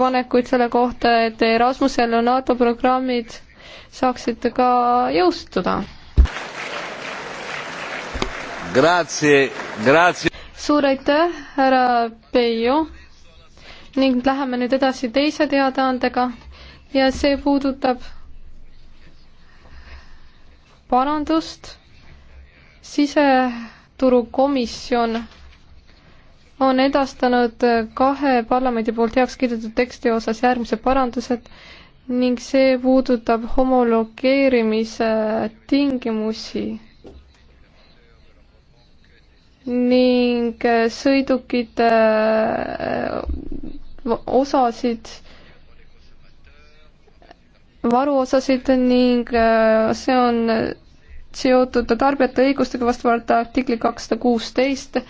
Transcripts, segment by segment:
ettepanekuid selle kohta, et Erasmuse ja NATO programmid saaksid ka jõustuda. suur aitäh, härra Peio ning läheme nüüd edasi teise teadaandega ja see puudutab parandust siseturukomisjon on edastanud kahe parlamendi poolt heaks kiidetud teksti osas järgmised parandused ning see puudutab homologeerimise tingimusi ning sõidukite äh, osasid, varuosasid ning äh, see on seotud tarbijate õigustega vastavalt artikli kakssada kuusteist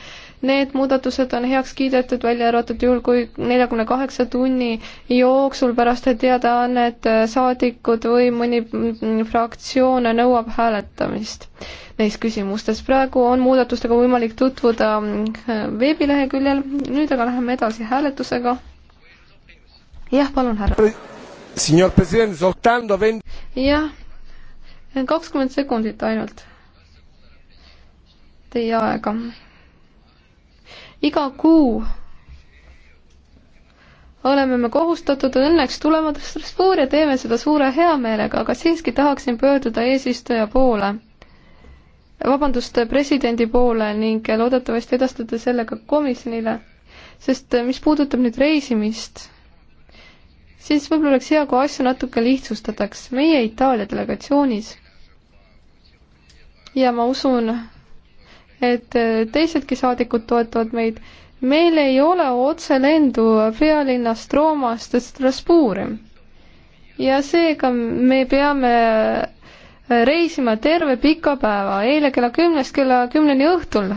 Need muudatused on heaks kiidetud, välja arvatud juhul, kui neljakümne kaheksa tunni jooksul pärast teadaannet saadikud või mõni fraktsioon nõuab hääletamist neis küsimustes. praegu on muudatustega võimalik tutvuda äh, veebileheküljel, nüüd aga läheme edasi hääletusega. jah, palun, härra. jah, kakskümmend sekundit ainult teie aega iga kuu oleme me kohustatud õnneks tulema Strasbourgi ja teeme seda suure heameelega, aga siiski tahaksin pöörduda eesistuja poole, vabandust, presidendi poole ning loodetavasti edastada selle ka komisjonile, sest mis puudutab nüüd reisimist, siis võib-olla oleks hea, kui asju natuke lihtsustataks meie Itaalia delegatsioonis ja ma usun, et äh, teisedki saadikud toetavad meid. meil ei ole otselendu pealinnast Roomast Strasbourgi. ja seega me peame äh, reisima terve pika päeva, eile kella kümnest kella kümneni õhtul.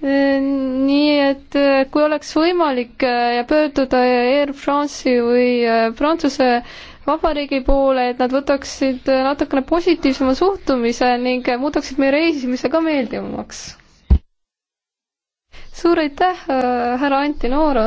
Äh, nii et kui oleks võimalik ja pöörduda Air France'i või Prantsuse vabariigi poole, et nad võtaksid natukene positiivsema suhtumise ning muudaksid meie reisimise ka meeldivamaks. suur aitäh, äh, härra Anti Nooro!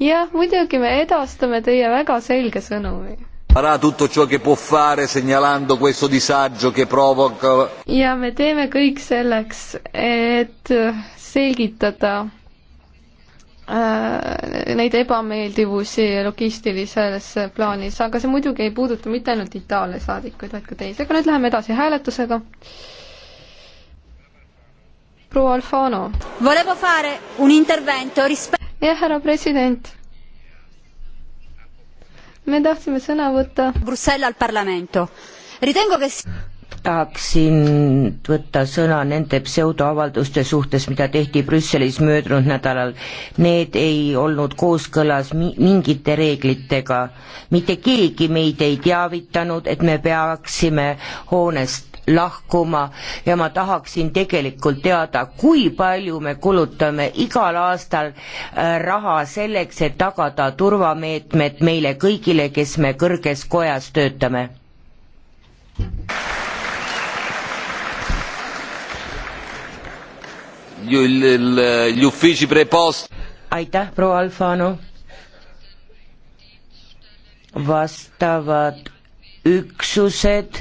jah, muidugi me edastame teie väga selge sõnumi farà tutto ciò che può fare segnalando questo disagio che provoca. ja me teeme kõik selleks, et selgitada Äh, neid ebameeldivusi logistilises plaanis, aga see muidugi ei puuduta mitte ainult Itaalia saadikuid, vaid ka teisi, aga nüüd läheme edasi hääletusega. proua Alfano. jah, härra president. me tahtsime sõna võtta. Bruxelles al Parlamento. Ritengo che kes tahaksin võtta sõna nende pseudoavalduste suhtes, mida tehti Brüsselis möödunud nädalal. Need ei olnud kooskõlas mingite reeglitega. mitte keegi meid ei teavitanud, et me peaksime hoonest lahkuma ja ma tahaksin tegelikult teada, kui palju me kulutame igal aastal äh, raha selleks, et tagada turvameetmed meile kõigile, kes me kõrges kojas töötame. Thank you. gli uffici preposti. aitäh, proua Alfano. vastavad üksused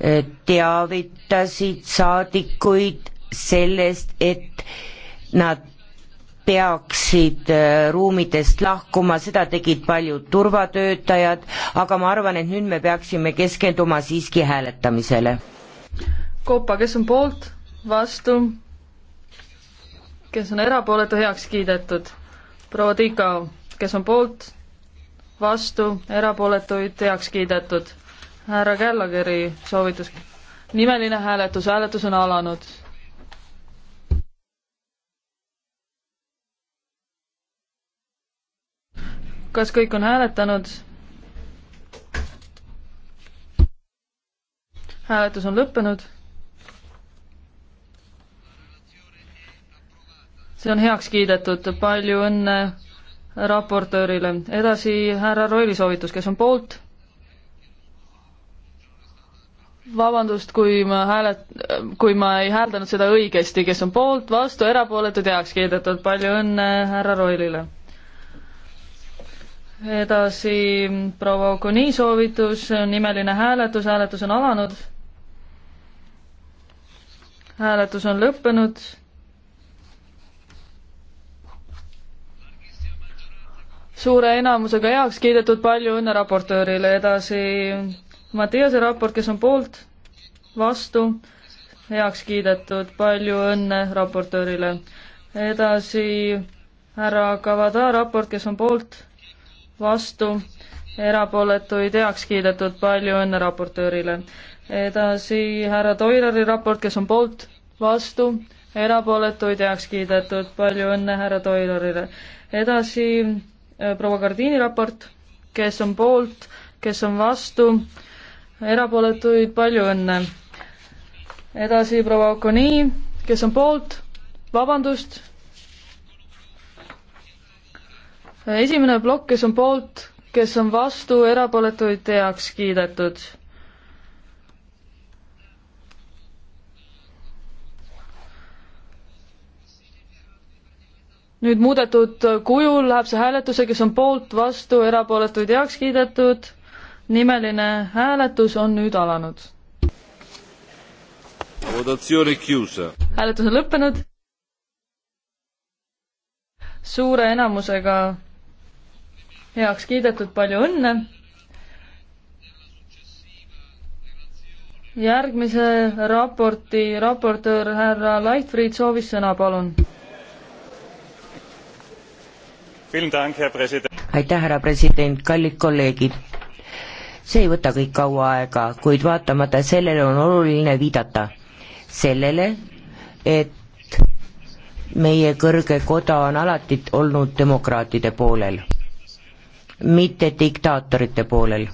eh, teavitasid saadikuid sellest, et nad peaksid eh, ruumidest lahkuma, seda tegid paljud turvatöötajad, aga ma arvan, et nüüd me peaksime keskenduma siiski hääletamisele. Kopa, kes on poolt, vastu? kes on erapooletu, heaks kiidetud. proua Tikao, kes on poolt, vastu, erapooletuid, heaks kiidetud. härra Källageri soovitus. nimeline hääletus, hääletus on alanud. kas kõik on hääletanud? hääletus on lõppenud see on heaks kiidetud, palju õnne raportöörile. edasi härra Roili soovitus, kes on poolt? vabandust, kui ma hääled, kui ma ei hääldanud seda õigesti, kes on poolt, vastu, erapooletud, heaks kiidetud, palju õnne härra Roilile. edasi proua Okuni soovitus, nimeline hääletus, hääletus on alanud. hääletus on lõppenud suure enamusega heaks kiidetud, palju õnne raportöörile, edasi Mattiase raport, kes on poolt, vastu, heaks kiidetud, palju õnne raportöörile. edasi härra Kavada raport, kes on poolt, vastu, erapooletuid heaks kiidetud, palju õnne raportöörile. edasi härra Toirari raport, kes on poolt, vastu, erapooletuid heaks kiidetud, palju õnne härra Toirarile. edasi Äh, proua Gardiini raport, kes on poolt, kes on vastu, erapooletuid, palju õnne. edasi proua Okoni, kes on poolt, vabandust. esimene plokk, kes on poolt, kes on vastu, erapooletuid heaks kiidetud nüüd muudetud kujul läheb see hääletuse, kes on poolt, vastu, erapooletuid heaks kiidetud. nimeline hääletus on nüüd alanud. hääletus on lõppenud. suure enamusega heaks kiidetud, palju õnne. järgmise raporti raportöör härra Leitfried soovis sõna, palun aitäh, härra president, kallid kolleegid. see ei võta kõik kaua aega, kuid vaatamata sellele on oluline viidata sellele, et meie kõrge koda on alati olnud demokraatide poolel, mitte diktaatorite poolel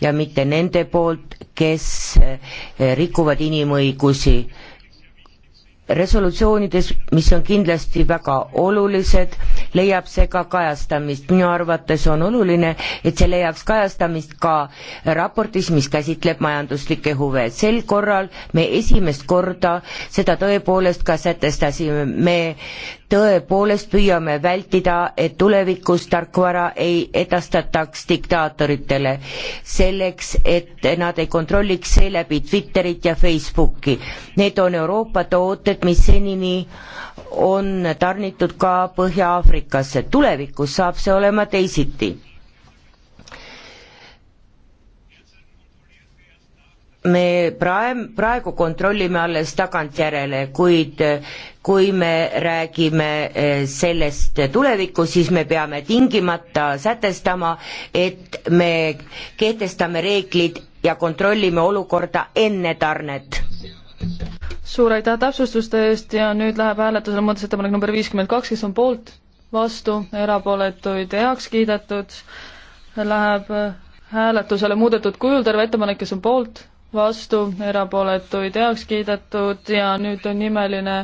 ja mitte nende poolt, kes rikuvad inimõigusi resolutsioonides, mis on kindlasti väga olulised, leiab see ka kajastamist. minu arvates on oluline, et see leiaks kajastamist ka raportis, mis käsitleb majanduslikke huve. sel korral me esimest korda seda tõepoolest ka sätestasime. me tõepoolest püüame vältida, et tulevikus tarkvara ei edastataks diktaatoritele, selleks et nad ei kontrolliks seeläbi Twitterit ja Facebooki. Need on Euroopa tooted, mis senini on tarnitud ka Põhja-Aafrikasse, tulevikus saab see olema teisiti me praegu, praegu kontrollime alles tagantjärele, kuid kui me räägime eh, sellest tulevikus, siis me peame tingimata sätestama, et me kehtestame reeglid ja kontrollime olukorda enne tarnet. suur aitäh täpsustuste eest ja nüüd läheb hääletusele muudatusettepanek number viiskümmend kaks, kes on poolt, vastu, erapooletuid heaks kiidetud, läheb hääletusele muudetud kujul, terve ettepanek, kes on poolt vastu, erapooletuid heaks kiidetud ja nüüd on nimeline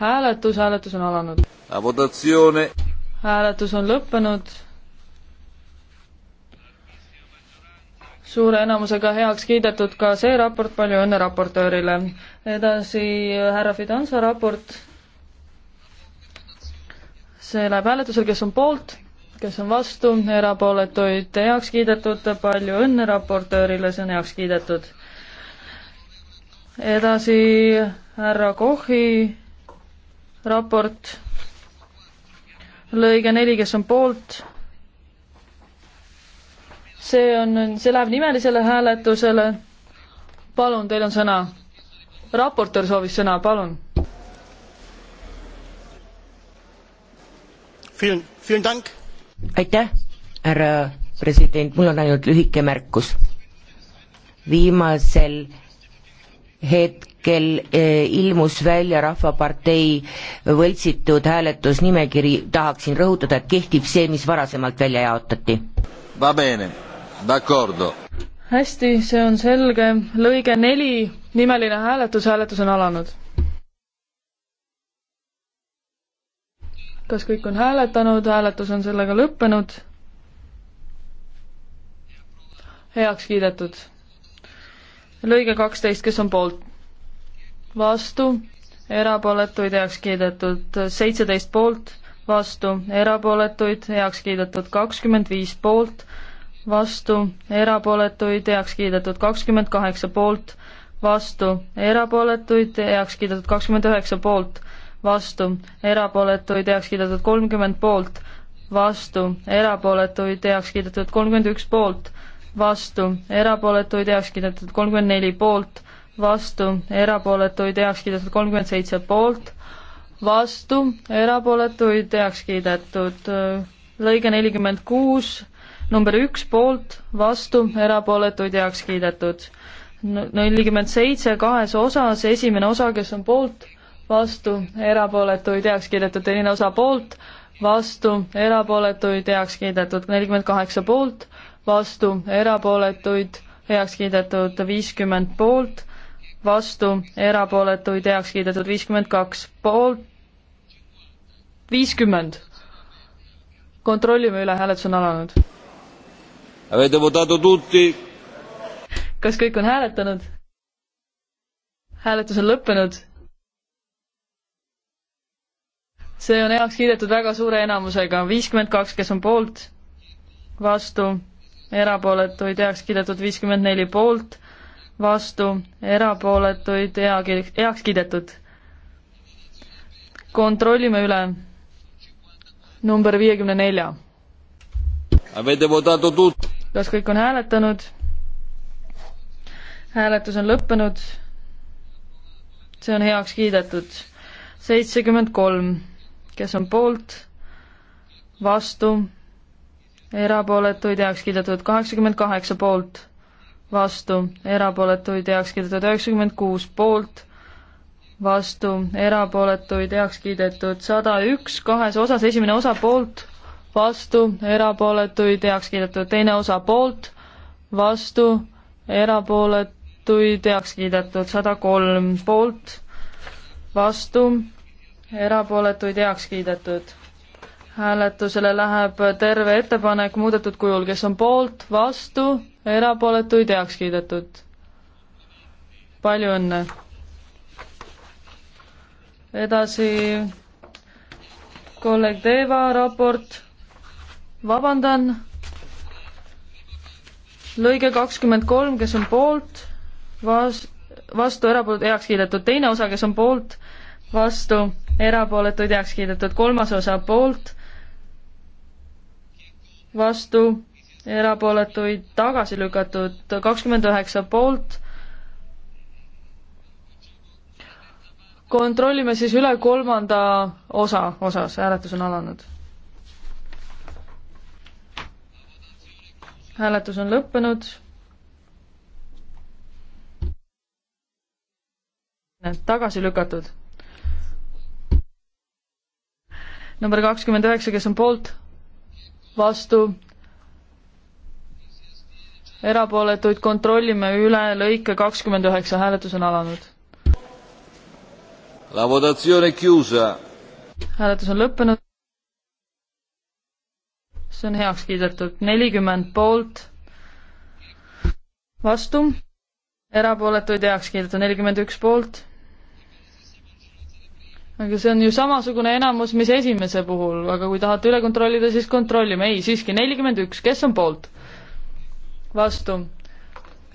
hääletus, hääletus on alanud. hääletus on lõppenud. suure enamusega heaks kiidetud ka see raport, palju õnne raportöörile. edasi härra Fidanza raport. see läheb hääletusel, kes on poolt, kes on vastu, erapooletuid heaks kiidetud, palju õnne raportöörile, see on heaks kiidetud edasi härra Kochi raport, lõige neli, kes on poolt. see on, see läheb nimelisele hääletusele. palun, teil on sõna. raportöör soovis sõna, palun. aitäh, härra president, mul on ainult lühike märkus. viimasel hetkel eh, ilmus välja Rahvapartei võltsitud hääletusnimekiri, tahaksin rõhutada, et kehtib see, mis varasemalt välja jaotati. Va bene, d'accordo. hästi, see on selge, lõige neli, nimeline hääletus, hääletus on alanud. kas kõik on hääletanud, hääletus on sellega lõppenud? heaks kiidetud lõige kaksteist, kes on poolt? vastu, erapooletuid heaks kiidetud seitseteist poolt, vastu, erapooletuid heaks kiidetud kakskümmend viis poolt, vastu, erapooletuid heaks kiidetud kakskümmend kaheksa poolt, vastu, erapooletuid heaks kiidetud kakskümmend üheksa poolt, vastu, erapooletuid heaks kiidetud kolmkümmend poolt, vastu, erapooletuid heaks kiidetud kolmkümmend üks poolt vastu, erapooletuid heaks kiidetud kolmkümmend neli poolt, vastu, erapooletuid heaks kiidetud kolmkümmend seitse poolt, vastu, erapooletuid heaks kiidetud äh, lõige nelikümmend kuus, number üks poolt, vastu, erapooletuid heaks kiidetud. nelikümmend seitse kahes osas, esimene osa, kes on poolt, vastu, erapooletuid heaks kiidetud, teine osa poolt, vastu, erapooletuid heaks kiidetud, nelikümmend kaheksa poolt, vastu, erapooletuid heaks kiidetud viiskümmend poolt, vastu, erapooletuid heaks kiidetud viiskümmend kaks poolt, viiskümmend. kontrollime üle, hääletus on alanud. kas kõik on hääletanud? hääletus on lõppenud. see on heaks kiidetud väga suure enamusega, viiskümmend kaks, kes on poolt, vastu erapooletuid heaks kiidetud viiskümmend neli poolt, vastu erapooletuid hea, heaks kiidetud. kontrollime üle number viiekümne nelja. kas kõik on hääletanud? hääletus on lõppenud. see on heaks kiidetud. seitsekümmend kolm, kes on poolt, vastu erapooletuid heaks kiidetud kaheksakümmend kaheksa poolt, vastu, erapooletuid heaks kiidetud üheksakümmend kuus poolt, vastu, erapooletuid heaks kiidetud sada üks kahes osas, esimene osa poolt, vastu, erapooletuid heaks kiidetud teine osa poolt, vastu, erapooletuid heaks kiidetud sada kolm poolt, vastu, erapooletuid heaks kiidetud hääletusele läheb terve ettepanek muudetud kujul, kes on poolt, vastu, erapooletuid heaks kiidetud. palju õnne! edasi kolleeg Deva raport. vabandan. lõige kakskümmend kolm, kes on poolt, vas-, vastu, erapooletud, heaks kiidetud, teine osa, kes on poolt, vastu, erapooletuid heaks kiidetud, kolmas osa poolt, vastu, erapooletuid tagasi lükatud kakskümmend üheksa poolt. kontrollime siis üle kolmanda osa osas, hääletus on alanud. hääletus on lõppenud. tagasi lükatud. number kakskümmend üheksa, kes on poolt vastu, erapooletuid kontrollime üle, lõike kakskümmend üheksa, hääletus on alanud. hääletus on lõppenud. see on heaks kiidetud, nelikümmend poolt, vastu, erapooletuid heaks kiidetud, nelikümmend üks poolt aga see on ju samasugune enamus, mis esimese puhul, aga kui tahate üle kontrollida, siis kontrollime. ei, siiski nelikümmend üks, kes on poolt? vastu.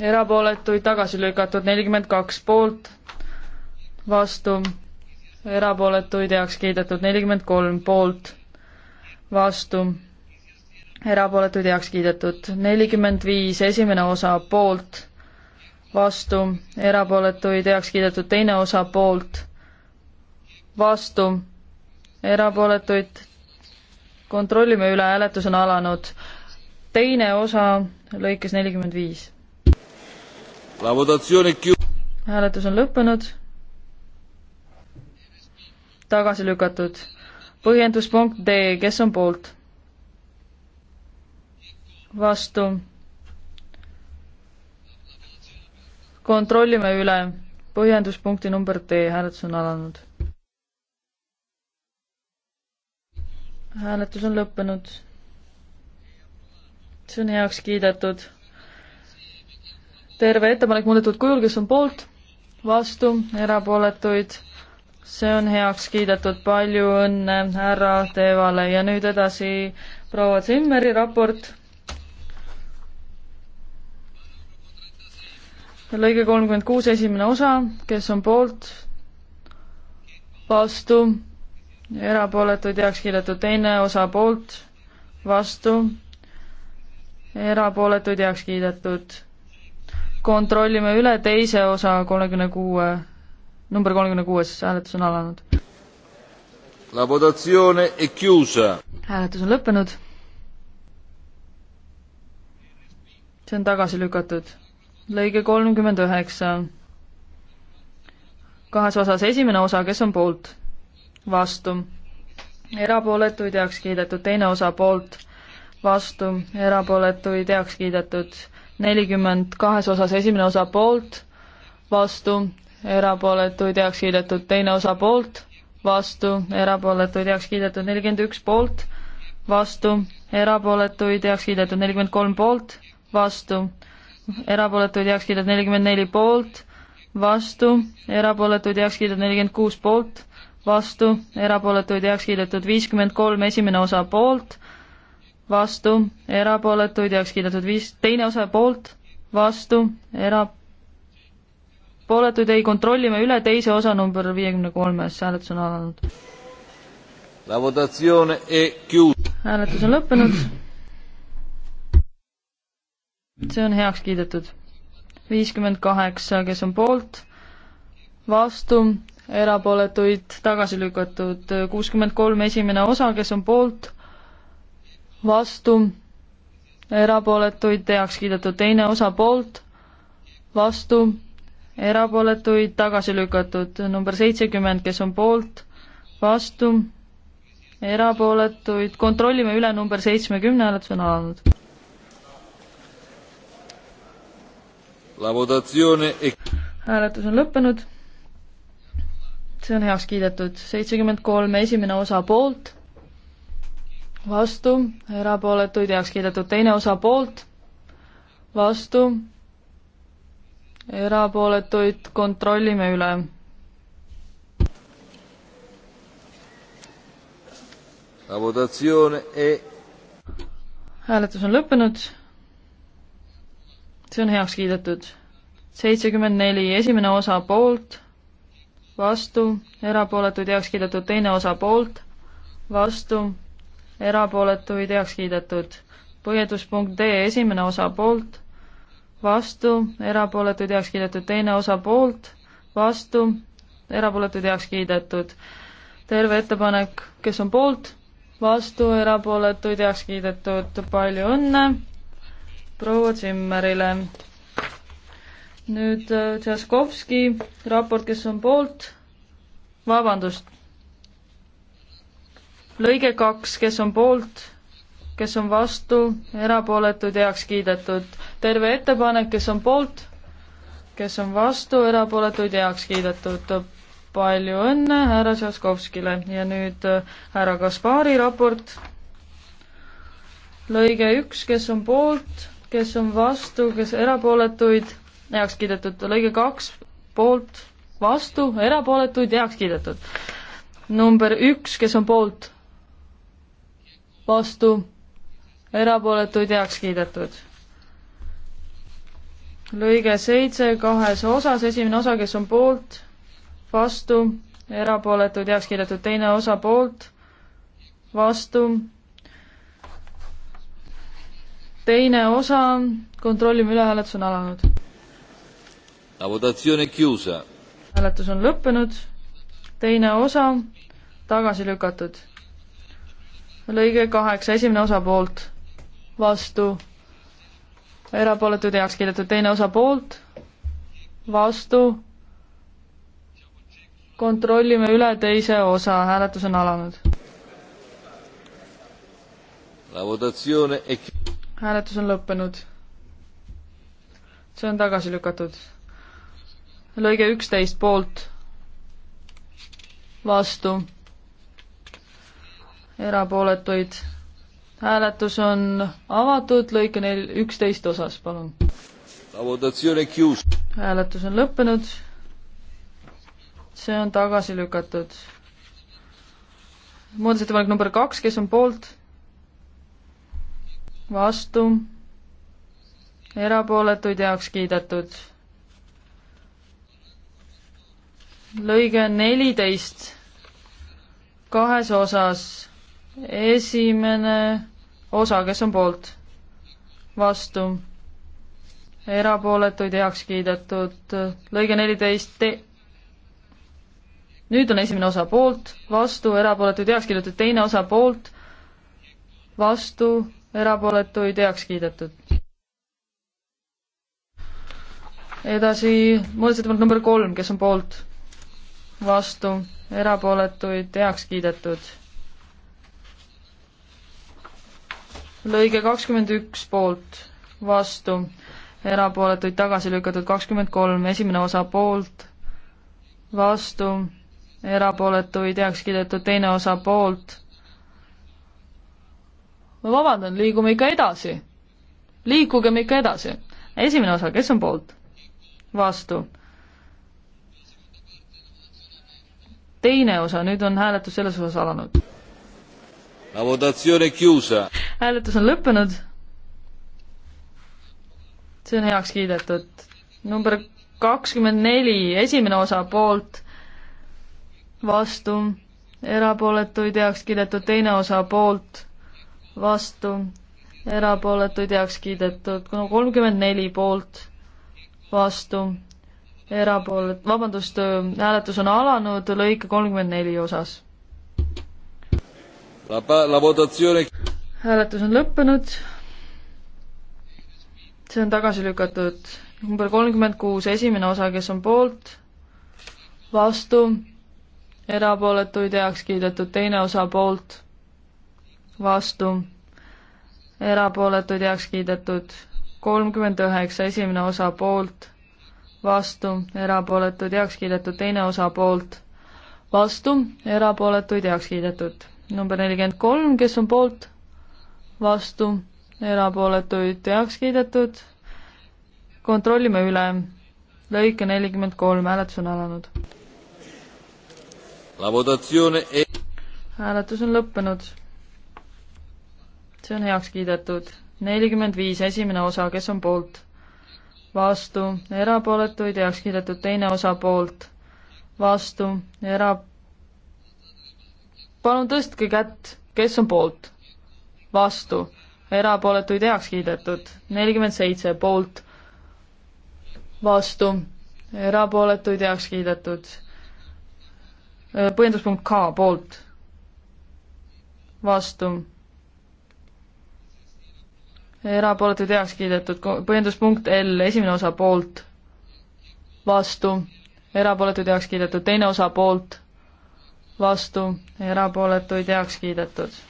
erapooletuid tagasi lükatud nelikümmend kaks poolt, vastu. erapooletuid heaks kiidetud nelikümmend kolm poolt, vastu. erapooletuid heaks kiidetud nelikümmend viis, esimene osa poolt, vastu. erapooletuid heaks kiidetud teine osa poolt vastu, erapooletuid kontrollime üle, hääletus on alanud. teine osa lõikes nelikümmend viis. hääletus on lõppenud. tagasi lükatud. põhjenduspunkt D, kes on poolt? vastu. kontrollime üle. põhjenduspunkti number D, hääletus on alanud. hääletus on lõppenud. see on heaks kiidetud. terve ettepanek muudetud kujul, kes on poolt, vastu, erapooletuid, see on heaks kiidetud, palju õnne härra Teevale ja nüüd edasi proua Zimmeri raport. lõige kolmkümmend kuus, esimene osa, kes on poolt, vastu erapooletuid heaks kiidetud, teine osa poolt, vastu, erapooletuid heaks kiidetud. kontrollime üle teise osa kolmekümne kuue, number kolmekümne kuues hääletus on alanud. La votazione è chiusa. hääletus on lõppenud. see on tagasi lükatud. lõige kolmkümmend üheksa. kahes osas esimene osa, kes on poolt? vastu, erapooletuid heaks kiidetud, teine osa poolt, vastu, erapooletuid heaks kiidetud, nelikümmend kahes osas esimene osa poolt, vastu, erapooletuid heaks kiidetud, teine osa poolt, vastu, erapooletuid heaks kiidetud, nelikümmend üks poolt, vastu, erapooletuid heaks kiidetud, nelikümmend kolm poolt, vastu, erapooletuid heaks kiidetud, nelikümmend neli poolt, vastu, erapooletuid heaks kiidetud, nelikümmend kuus poolt, vastu, erapooletuid heaks kiidetud viiskümmend kolm, esimene osa poolt, vastu, erapooletuid heaks kiidetud viis, teine osa poolt, vastu, erapooletuid ei, kontrollime üle teise osa number viiekümne kolmes, hääletus on alanud. hääletus on lõppenud. see on heaks kiidetud. viiskümmend kaheksa, kes on poolt, vastu, erapooletuid tagasi lükatud kuuskümmend kolm esimene osa, kes on poolt, vastu, erapooletuid heaks kiidetud teine osa poolt, vastu, erapooletuid tagasi lükatud number seitsekümmend, kes on poolt, vastu, erapooletuid, kontrollime üle number seitsmekümne, hääletus on alanud. hääletus on lõppenud see on heaks kiidetud. seitsekümmend kolm, esimene osa poolt, vastu, erapooletuid heaks kiidetud, teine osa poolt, vastu, erapooletuid kontrollime üle La votazione è... hääletus on lõppenud. see on heaks kiidetud. seitsekümmend neli, esimene osa poolt, vastu, erapooletuid heaks kiidetud, teine osa poolt, vastu, erapooletuid heaks kiidetud. põhjenduspunkt D, esimene osa poolt, vastu, erapooletuid heaks kiidetud, teine osa poolt, vastu, erapooletuid heaks kiidetud. terve ettepanek, kes on poolt, vastu, erapooletuid heaks kiidetud, palju õnne proua Zimmerile! nüüd äh, Tšaskovski raport, kes on poolt, vabandust, lõige kaks, kes on poolt, kes on vastu, erapooletud, heaks kiidetud. terve ettepanek, kes on poolt, kes on vastu, erapooletuid, heaks kiidetud. palju õnne härra Tšaskovskile ja nüüd äh, härra Kaspari raport. lõige üks, kes on poolt, kes on vastu, kes erapooletuid heaks kiidetud, lõige kaks poolt, vastu, erapooletuid heaks kiidetud. number üks, kes on poolt, vastu, erapooletuid heaks kiidetud. lõige seitse kahes osas, esimene osa, kes on poolt, vastu, erapooletuid heaks kiidetud, teine osa poolt, vastu, teine osa, kontrollime üle, hääletus on alanud hääletus on lõppenud, teine osa tagasi lükatud. lõige kaheksa, esimene osa poolt, vastu, erapooletud heaks kiidetud, teine osa poolt, vastu, kontrollime üle teise osa, hääletus on alanud. hääletus on lõppenud. see on tagasi lükatud lõige üksteist poolt, vastu, erapooletuid. hääletus on avatud, lõike neil üksteist osas, palun. hääletus on lõppenud. see on tagasi lükatud. muudatusettepanek number kaks, kes on poolt? vastu, erapooletuid heaks kiidetud lõige neliteist kahes osas. esimene osa, kes on poolt? vastu. erapooletuid heaks kiidetud. lõige neliteist te-. nüüd on esimene osa poolt, vastu, erapooletuid heaks kiidetud, teine osa poolt, vastu, erapooletuid heaks kiidetud. edasi muudatusettepanek number kolm, kes on poolt? vastu, erapooletuid heaks kiidetud. lõige kakskümmend üks poolt, vastu, erapooletuid tagasi lükatud kakskümmend kolm, esimene osa poolt, vastu, erapooletuid heaks kiidetud teine osa poolt. ma vabandan, liigume ikka edasi. liikugem ikka edasi. esimene osa, kes on poolt? vastu teine osa, nüüd on hääletus selles osas alanud. hääletus on lõppenud. see on heaks kiidetud. number kakskümmend neli, esimene osa poolt, vastu, erapooletuid heaks kiidetud, teine osa poolt, vastu, erapooletuid heaks kiidetud, kolmkümmend neli poolt, vastu erapoolet-, vabandust, hääletus on alanud lõike kolmkümmend neli osas. hääletus on lõppenud. see on tagasi lükatud. number kolmkümmend kuus, esimene osa, kes on poolt, vastu, erapooletuid heaks kiidetud, teine osa poolt, vastu, erapooletuid heaks kiidetud, kolmkümmend üheksa, esimene osa poolt vastu, erapooletud, heaks kiidetud, teine osa poolt, vastu, erapooletuid, heaks kiidetud. number nelikümmend kolm, kes on poolt, vastu, erapooletuid, heaks kiidetud. kontrollime üle. lõike nelikümmend kolm, hääletus on alanud. E hääletus on lõppenud. see on heaks kiidetud. nelikümmend viis, esimene osa, kes on poolt vastu, erapooletuid heaks kiidetud teine osa poolt, vastu, era-. palun tõstke kätt, kes on poolt, vastu, erapooletuid heaks kiidetud, nelikümmend seitse poolt, vastu, erapooletuid heaks kiidetud. põhjenduspunkt K poolt, vastu erapooletud heaks kiidetud, põhjenduspunkt L, esimene osa poolt, vastu, erapooletud heaks kiidetud, teine osa poolt, vastu, erapooletuid heaks kiidetud.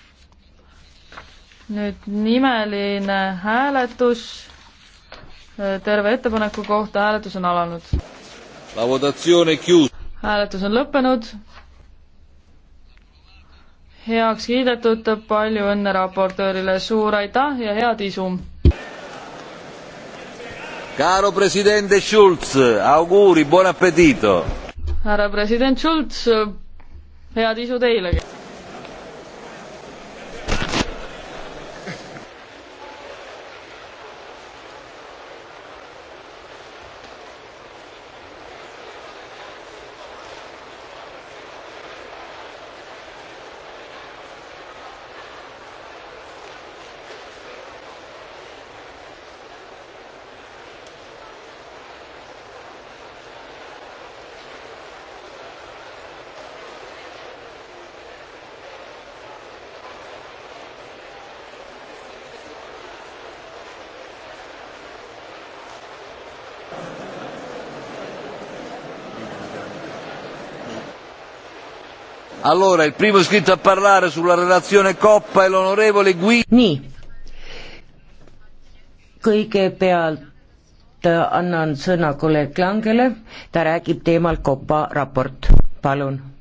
nüüd nimeline hääletus äh, terve ettepaneku kohta, hääletus on alanud. hääletus on lõppenud heaks kiidetud, palju õnne raportöörile, suur aitäh ja head isu! Caro presidente Schulz, auguri, buon appetito! härra president Schulz, head isu teilegi! Allora, il primo iscritto a parlare sulla relazione Coppa è l'onorevole Gui. nii, kõigepealt äh, annan sõna kolleeg Langele, ta räägib teemal Coppa raport, palun